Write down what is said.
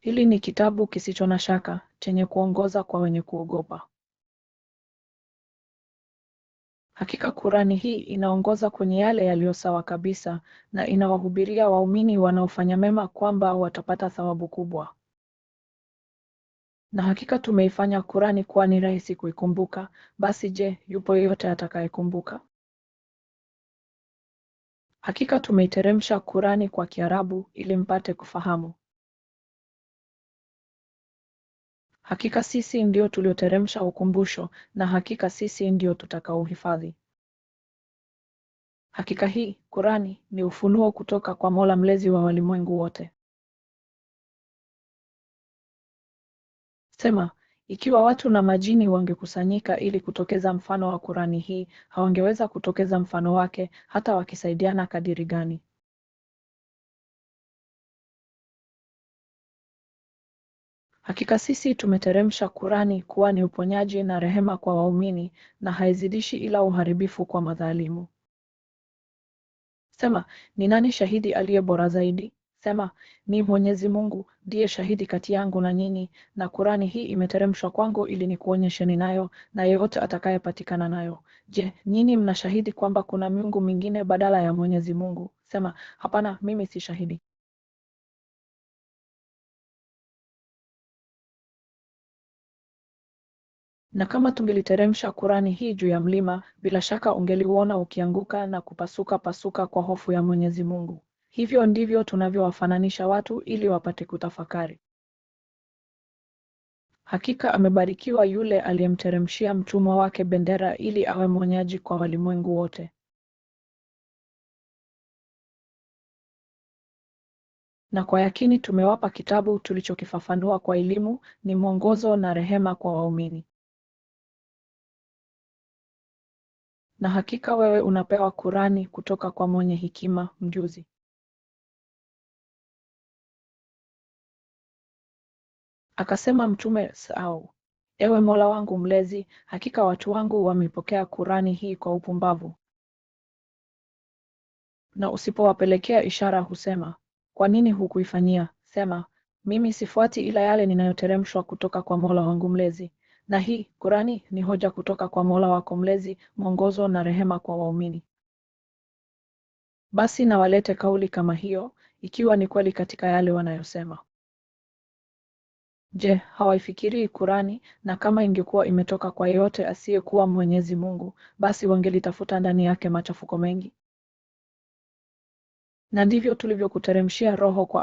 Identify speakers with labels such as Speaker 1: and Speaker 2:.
Speaker 1: Hili ni kitabu kisicho na shaka, chenye kuongoza kwa wenye kuogopa. Hakika Kurani hii inaongoza kwenye yale yaliyo sawa kabisa na inawahubiria waumini wanaofanya mema kwamba watapata thawabu kubwa. Na hakika tumeifanya Kurani kuwa ni rahisi kuikumbuka, basi je, yupo yeyote atakayekumbuka? Hakika tumeiteremsha Kurani kwa Kiarabu ili mpate kufahamu. Hakika sisi ndio tulioteremsha ukumbusho na hakika sisi ndio tutakaohifadhi. Hakika hii Qur'ani ni ufunuo kutoka kwa Mola mlezi wa walimwengu wote. Sema, ikiwa watu na majini wangekusanyika ili kutokeza mfano wa Qur'ani hii, hawangeweza kutokeza mfano wake hata wakisaidiana kadiri gani. Hakika sisi tumeteremsha Kurani kuwa ni uponyaji na rehema kwa waumini na haizidishi ila uharibifu kwa madhalimu. Sema, ni nani shahidi aliye bora zaidi? Sema, ni Mwenyezi Mungu ndiye shahidi kati yangu na nyinyi, na Kurani hii imeteremshwa kwangu ili nikuonyesheni nayo na yeyote atakayepatikana nayo. Je, nyinyi mnashahidi kwamba kuna miungu mingine badala ya Mwenyezi Mungu? Sema, hapana, mimi si shahidi. Na kama tungeliteremsha Kurani hii juu ya mlima, bila shaka ungeliuona ukianguka na kupasuka pasuka kwa hofu ya Mwenyezi Mungu. Hivyo ndivyo tunavyowafananisha watu ili wapate kutafakari. Hakika amebarikiwa yule aliyemteremshia mtumwa wake bendera ili awe mwonyaji kwa walimwengu wote. Na kwa yakini tumewapa kitabu tulichokifafanua kwa elimu, ni mwongozo na rehema kwa waumini. Na hakika wewe unapewa Kurani kutoka kwa Mwenye Hekima, Mjuzi. Akasema Mtume Sau, ewe Mola wangu Mlezi, hakika watu wangu wamepokea Kurani hii kwa upumbavu, na usipowapelekea ishara husema, kwa nini hukuifanyia? Sema, mimi sifuati ila yale ninayoteremshwa kutoka kwa Mola wangu Mlezi na hii Kurani ni hoja kutoka kwa Mola wako Mlezi, mwongozo na rehema kwa waumini. Basi na walete kauli kama hiyo, ikiwa ni kweli katika yale wanayosema. Je, hawaifikirii Kurani? Na kama ingekuwa imetoka kwa yeyote asiyekuwa Mwenyezi Mungu, basi wangelitafuta ndani yake machafuko mengi. Na ndivyo tulivyokuteremshia Roho kwa